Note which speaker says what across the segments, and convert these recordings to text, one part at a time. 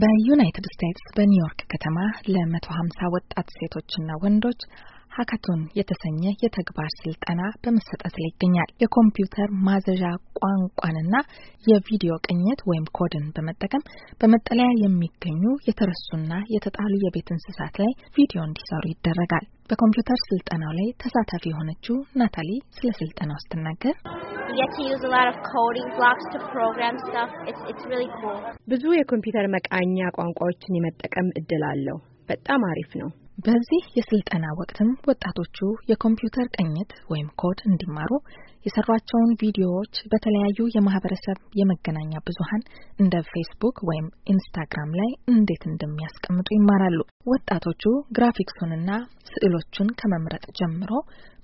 Speaker 1: በዩናይትድ ስቴትስ በኒውዮርክ ከተማ ለ150 ወጣት ሴቶችና ወንዶች ሀካቶን የተሰኘ የተግባር ስልጠና በመሰጠት ላይ ይገኛል። የኮምፒውተር ማዘዣ ቋንቋንና የቪዲዮ ቅኝት ወይም ኮድን በመጠቀም በመጠለያ የሚገኙ የተረሱና የተጣሉ የቤት እንስሳት ላይ ቪዲዮ እንዲሰሩ ይደረጋል። በኮምፒውተር ስልጠናው ላይ ተሳታፊ የሆነችው ናታሊ ስለ ስልጠናው ስትናገር get to use a lot of coding blocks to program stuff. It's it's really cool. ብዙ የኮምፒውተር መቃኛ ቋንቋዎችን የመጠቀም እድል አለው። በጣም አሪፍ ነው። በዚህ የስልጠና ወቅትም ወጣቶቹ የኮምፒውተር ቅኝት ወይም ኮድ እንዲማሩ የሰሯቸውን ቪዲዮዎች በተለያዩ የማህበረሰብ የመገናኛ ብዙሃን እንደ ፌስቡክ ወይም ኢንስታግራም ላይ እንዴት እንደሚያስቀምጡ ይማራሉ። ወጣቶቹ ግራፊክሱንና ስዕሎቹን ከመምረጥ ጀምሮ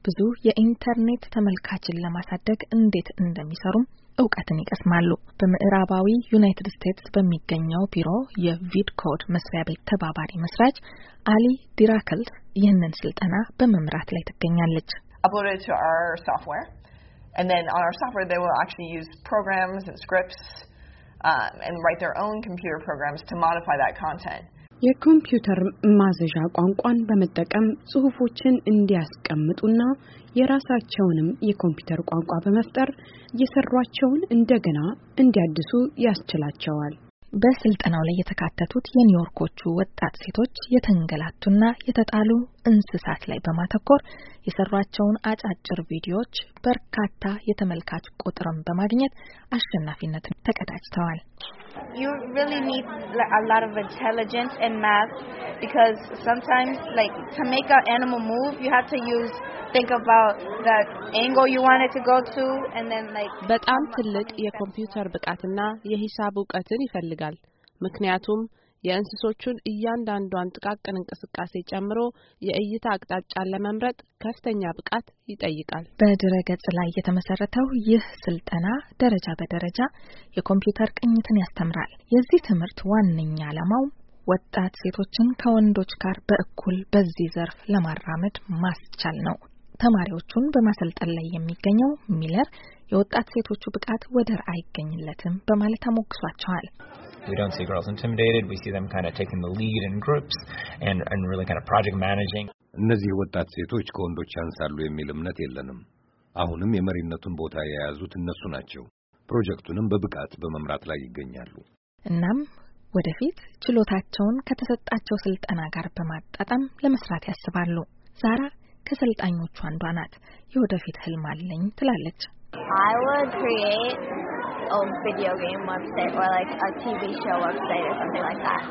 Speaker 1: ብዙ የኢንተርኔት ተመልካችን ለማሳደግ እንዴት እንደሚሰሩም እውቀትን ይቀስማሉ። በምዕራባዊ ዩናይትድ ስቴትስ በሚገኘው ቢሮ የቪድ ኮድ መስሪያ ቤት ተባባሪ መስራች አሊ ዲራክል ይህንን ስልጠና በመምራት ላይ ትገኛለች። ፕሮግራምስ የኮምፒውተር ማዘዣ ቋንቋን በመጠቀም ጽሑፎችን እንዲያስቀምጡና የራሳቸውንም የኮምፒውተር ቋንቋ በመፍጠር የሰሯቸውን እንደገና እንዲያድሱ ያስችላቸዋል። በስልጠናው ላይ የተካተቱት የኒውዮርኮቹ ወጣት ሴቶች የተንገላቱና የተጣሉ እንስሳት ላይ በማተኮር የሰሯቸውን አጫጭር ቪዲዮዎች በርካታ የተመልካች ቁጥርን በማግኘት አሸናፊነትን ተቀዳጅተዋል። You really need like, a lot of intelligence and math because sometimes like to make an animal move you have to use think about the angle you want it to go to and then like በጣም ትልቅ የኮምፒውተር ብቃትና የሂሳብ እውቀትን ይፈልጋል ምክንያቱም የእንስሶቹን እያንዳንዷን ጥቃቅን እንቅስቃሴ ጨምሮ የእይታ አቅጣጫን ለመምረጥ ከፍተኛ ብቃት ይጠይቃል። በድረ ገጽ ላይ የተመሰረተው ይህ ስልጠና ደረጃ በደረጃ የኮምፒውተር ቅኝትን ያስተምራል። የዚህ ትምህርት ዋነኛ ዓላማው ወጣት ሴቶችን ከወንዶች ጋር በእኩል በዚህ ዘርፍ ለማራመድ ማስቻል ነው። ተማሪዎቹን በማሰልጠን ላይ የሚገኘው ሚለር የወጣት ሴቶቹ ብቃት ወደር አይገኝለትም በማለት አሞግሷቸዋል። We don't see girls intimidated. We see them kind of taking the lead in groups and, and really kind of project managing. እነዚህ ወጣት ሴቶች ከወንዶች ያንሳሉ የሚል እምነት የለንም። አሁንም የመሪነቱን ቦታ የያዙት እነሱ ናቸው። ፕሮጀክቱንም በብቃት በመምራት ላይ ይገኛሉ። እናም ወደፊት ችሎታቸውን ከተሰጣቸው ስልጠና ጋር በማጣጣም ለመስራት ያስባሉ። ዛራ ከሰልጣኞቹ አንዷ ናት። የወደፊት ህልም አለኝ ትላለች። a video game website or like a TV show website or something like that.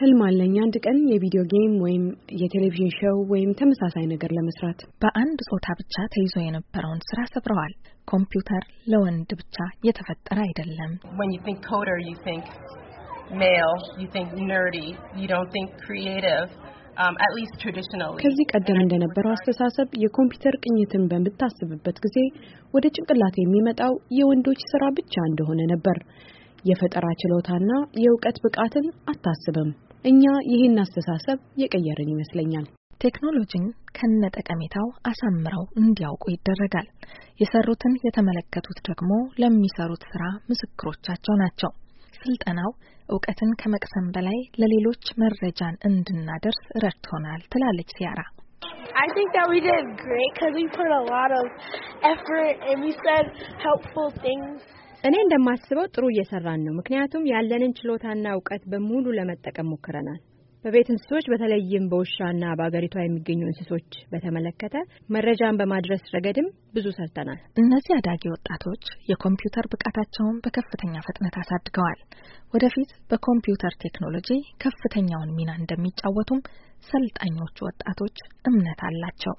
Speaker 1: ህልም አለኝ አንድ ቀን የቪዲዮ ጌም ወይም የቴሌቪዥን ሾው ወይም ተመሳሳይ ነገር ለመስራት። በአንድ ጾታ ብቻ ተይዞ የነበረውን ስራ ሰብረዋል። ኮምፒውተር ለወንድ ብቻ የተፈጠረ አይደለም። When you think coder, you think male, you think nerdy, you don't think creative. Um, ከዚህ ቀደም እንደነበረው አስተሳሰብ የኮምፒውተር ቅኝትን በምታስብበት ጊዜ ወደ ጭንቅላት የሚመጣው የወንዶች ስራ ብቻ እንደሆነ ነበር። የፈጠራ ችሎታና የእውቀት ብቃትን አታስብም። እኛ ይህን አስተሳሰብ የቀየርን ይመስለኛል። ቴክኖሎጂን ከነጠቀሜታው አሳምረው እንዲያውቁ ይደረጋል። የሰሩትን የተመለከቱት ደግሞ ለሚሰሩት ስራ ምስክሮቻቸው ናቸው። ስልጠናው እውቀትን ከመቅሰም በላይ ለሌሎች መረጃን እንድናደርስ ረድቶናል ትላለች ሲያራ። I think that we did great because we put a lot of effort and we said helpful things. እኔ እንደማስበው ጥሩ እየሰራን ነው። ምክንያቱም ያለንን ችሎታና እውቀት በሙሉ ለመጠቀም ሞክረናል። በቤት እንስሶች በተለይም በውሻና በአገሪቷ የሚገኙ እንስሶች በተመለከተ መረጃን በማድረስ ረገድም ብዙ ሰርተናል። እነዚህ አዳጊ ወጣቶች የኮምፒውተር ብቃታቸውን በከፍተኛ ፍጥነት አሳድገዋል። ወደፊት በኮምፒውተር ቴክኖሎጂ ከፍተኛውን ሚና እንደሚጫወቱም ሰልጣኞቹ ወጣቶች እምነት አላቸው።